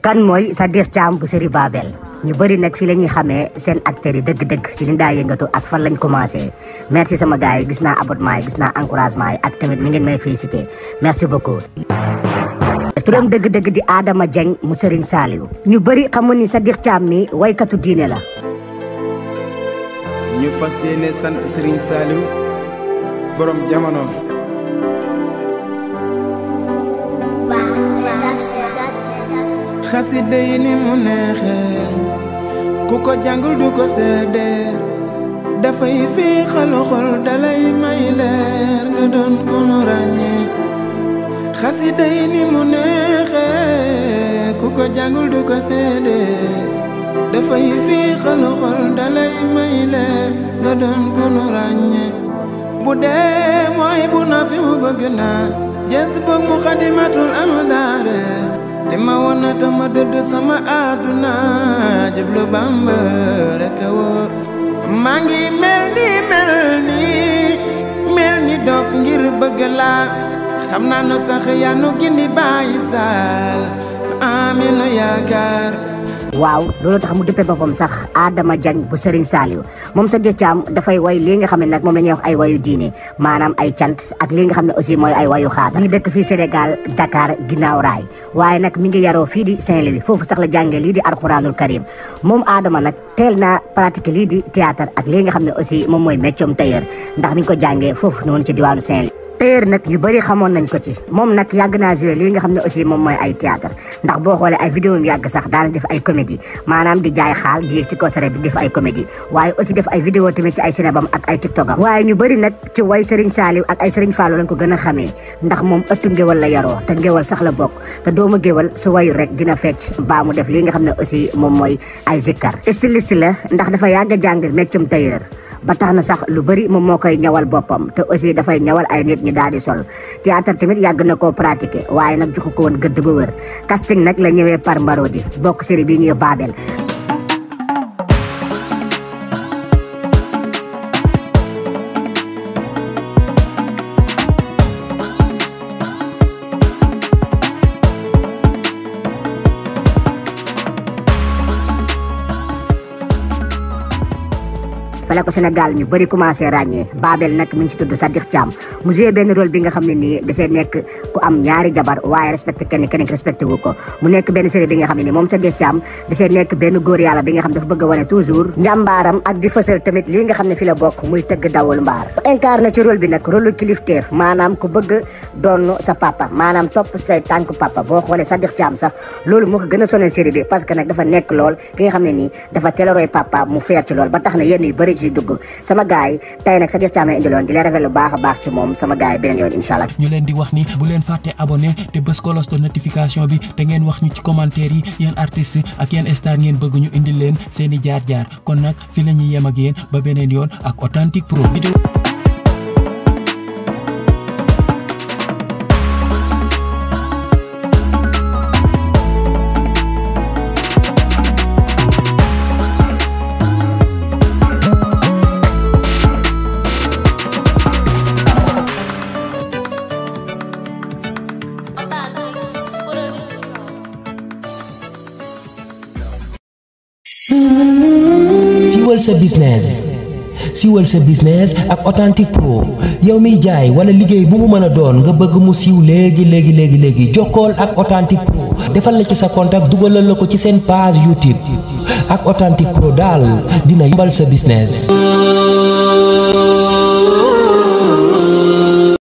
kan mooy Sadikh Thiam bu seri Babel ñu bëri nag fii la ñuy xamee seen acteurs yi dëgg-dëgg ci liñ daa yëngatu ak fan lañ commencé merci sama gars yi gis naa abonnement yi gis naa encouragement yi ak tamit mi ngeen may félicité merci beaucoup dëgg-dëgg di Adama Dieng mu Serigne Saliou ñu bëri xamu ni Sadikh Thiam mi waykatu diine la ñu fas yéene sant Serigne Saliou borom jamono xasida yi ni mu neexee ku ko jàngul du ko seedee dafay féexalu xol dalay may leer nga doon ko nu ràññee xasida ni mu neexee ku ko jàngul du ko seedee dafay féexalu xol dalay may leer nga doon ko nu bu dee mooy bu nafiw bëgg naa jës bu mu xadimatul am li ma wona tama dëdd sama àdduna jublu Bàmba rekk wóor maa ngi mel ni mel ni mel ni dof ngir bëgg la xam naa nu yaa nu gindi bàyyi saal aminu yaakaar waaw loolu tax mu dëppee boppam sax Adama Diagne bu Serigne Saliou moom sa jëccaam dafay way lii nga xam ne nag moom la ñuy wax ay wayu diine maanaam ay cant ak lii nga xam ne aussi mooy ay wayu xaata mi ngi dëkk fii Sénégal Dakar ginnaaw raay waaye nag mi ngi yaroo fii di Saint-Louis foofu sax la jàngee lii di alxuraanul karim moom Adama nag teel naa pratiquer lii di théâtre ak lii nga xam ne aussi moom mooy méccum tailleur ndax mi ngi ko jàngee foofu noonu ci diwaanu Saint-Louis théâtre nag yu bëri xamoon nañ ko ci moom nag yàgg naa joué lii nga xam ne aussi moom mooy ay théâtre ndax boo xoolee ay vidéo yu yàgg sax def ay comédie maanaam di jaay xaal di yëg ci concert ay comédie waaye aussi def ay vidéo tamit ci ay cinébam ak ay tiktokam waaye ñu bëri nag ci way Serigne Saliou ak ay Serigne Fallou lañ ko gën a xamee ndax moom ëttu ngéwal la yaroo te ngéwal sax la bokk te doomu géwal su wayu rek dina fecc baa mu def lii nga xam ne aussi moom mooy ay zikkar styliste la ndax dafa yàgg a jàng méccum tailleur ba tax na sax lu bari moom moo koy ñawal boppam te aussi dafay ñawal ay nit ñi daal di sol théâtre tamit yàgg na koo pratiquer waaye nag joxu ko woon gëdd ba wër casting nag la ñëwee par mbaro di bokk série bi ñuy Baabel la ko Sénégal ñu bëri commencé ràññee Babel nag mi ngi ci tudd Sadikh Thiam mu joué benn rôle bi nga xam ne nii dasee nekk ku am ñaari jabar waaye respecté kenn kenn respecté wu ko mu nekk benn série bi nga xam ne nii moom Sadikh Thiam dasee nekk benn góor yàlla bi nga xam ne dafa bëgg a wane toujours njàmbaaram ak di fësal tamit lii nga xam ne fi la bokk muy tëgg dawul mbaar incarné ci rôle bi nag rôle kilifteef maanaam ku bëgg doon sa papa maanaam topp say tànk papa boo xoolee Sadikh Thiam sax loolu moo ko gën a sonal série bi parce que nag dafa nekk lool ki nga xam ne nii dafa teel a roy papa mu feer ci lool ba tax na yenn yu bëri ciy dugg sama gars yi tey nag sa def caamee indiloon di leen rafet lu baax a baax ci moom sama gars beneen yoon incha ñu leen di wax ni bu leen fàtte abonné te bës kolos de notification bi te ngeen wax ñu ci commentaire yi yéen artiste ak yéen star ngeen bëgg ñu seeni jaar-jaar kon nag fi la ñuy yem ba beneen yoon ak authentique pro siwal sa business siwal sa business ak authentique pro yow miy jaay wala liggéey bu mu mën a doon nga bëgg mu siiw léegi léegi léegi léegi jokkool ak authentique pro defal la ci sa contact dugalal la ko ci seen page YouTube ak authentique pro daal dina yombal sa business